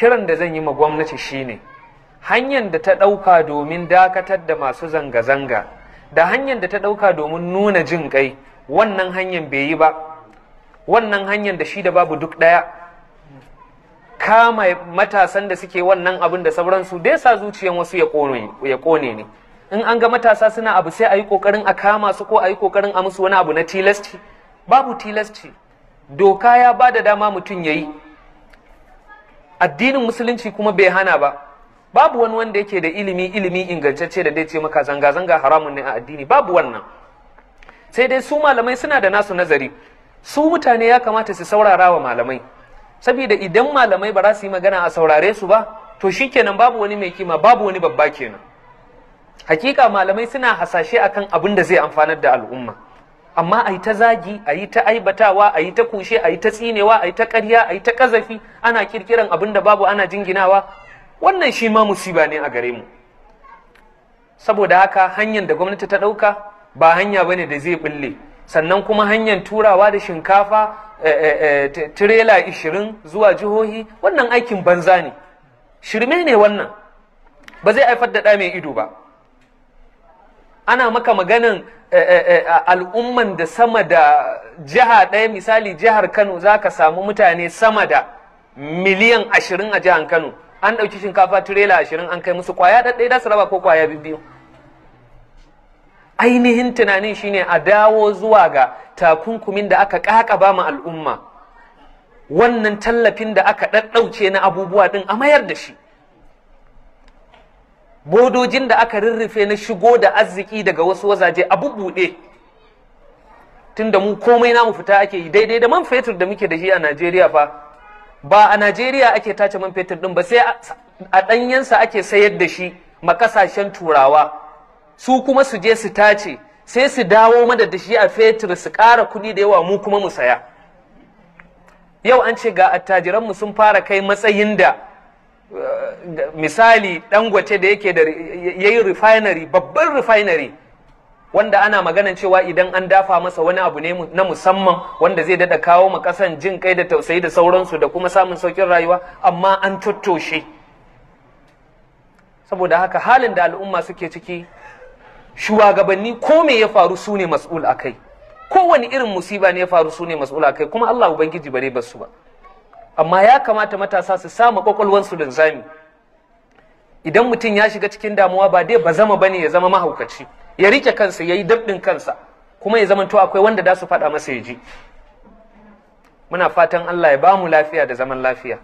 kiran da zan yi ma gwamnati shine hanyar da ta ɗauka domin dakatar da masu zanga-zanga da hanyar da ta ɗauka domin nuna jin kai wannan hanyar bai yi ba wannan hanyar da shi da babu duk ɗaya kama matasan da suke wannan abin da sauransu dai sa zuciyan wasu ya kone ne in an ga matasa suna abu sai a yi ƙoƙarin a kama su ko a yi ƙoƙarin a musu wani abu na tilasti? babu tilasti. doka ya ba da dama mutum ya yi addinin musulunci kuma bai hana ba babu wani wanda yake da ilimi ilimi ingantacce da zai ce maka zanga zanga haramun ne a addini babu wannan sai dai su malamai suna da nasu nazari su mutane ya kamata su saurara wa malamai saboda idan malamai ba za su yi magana a saurare su ba to shikenan babu wani mai kima babu wani babba kenan hakika malamai suna hasashe akan abin da zai amfanar da al'umma amma a yi ta zagi a yi ta aibatawa a yi ta kushe a yi ta tsinewa a yi ta karya a yi ta kazafi ana kirkiran abin da babu ana jinginawa wannan shi ma musiba ne a gare mu saboda haka hanyar da gwamnati ta ɗauka ba hanya bane da zai bulle sannan kuma hanyar turawa da shinkafa eh, eh, eh, tirela ishirin zuwa jihohi wannan aikin banza ne shirme ne wannan ba zai haifar da ɗa mai ido ba ana maka maganin eh, eh, eh, al'umman da sama da jiha ɗaya misali jihar Kano za ka samu mutane sama da miliyan ashirin a jihar Kano an ɗauki shinkafa tirela ashirin an kai musu kwaya ɗaɗɗai da su raba ko kwaya biyu ainihin tunanin shine a dawo zuwa ga takunkumin da aka ba ma al'umma wannan tallafin da aka ɗaɗɗauce na abubuwa ɗin a mayar da shi bodojin da aka rurrufe na shigo da arziki daga wasu wazaje a bubuɗe tunda mu komai namu fita ake yi daidai da man fetur da muke da shi a Najeriya fa ba a Najeriya ake tace man fetur ɗin ba sai a ɗanyensa ake sayar da shi ma turawa su kuma su je su tace sai su dawo mana da shi a fetur su ƙara kuɗi da yawa mu kuma mu saya yau an ce ga attajiranmu sun fara kai matsayin da misali dangote da yake da yayi refinery babban refinery wanda ana maganan cewa idan an dafa masa wani abu ne na musamman wanda zai dada kawo ma kasan jin kai da tausayi da sauransu da kuma samun saukin rayuwa amma an tattoshe saboda haka halin da al'umma suke ciki shugabanni ko me ya faru su ne mas'ul akai kowane irin musiba ne ya faru su ne mas'ul akai kuma Allah ubangiji bare basu ba amma ya kamata matasa su samu kwakwalwansu linzami idan mutum ya shiga cikin damuwa ba dai ba zama bane ya zama mahaukaci ya rike kansa ya yi dabdin kansa kuma ya zama akwai wanda za su faɗa masa ya ji muna fatan Allah ya ba mu lafiya da zaman lafiya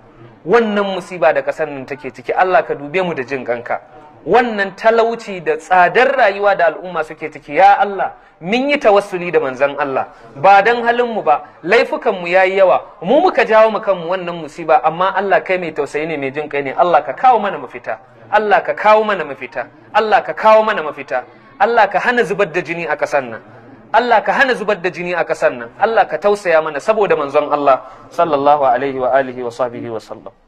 wannan musiba da ƙasar nan take ciki Allah ka dube mu da jin kanka wannan talauci da tsadar rayuwa da al'umma suke ciki ya Allah min yi tawassuli da manzan Allah ba dan halin mu ba laifukanmu mu yayi yawa mu muka jawo mu kanmu wannan musiba amma Allah kai mai tausayi ne mai jin kai ne Allah ka kawo mana mafita Allah ka kawo mana mafita Allah ka kawo mana mafita Allah ka hana zubar da jini a kasan nan Allah ka hana zubar da jini a kasan nan Allah ka tausaya mana saboda manzon Allah sallallahu alaihi wa alihi wa sahbihi wa sallam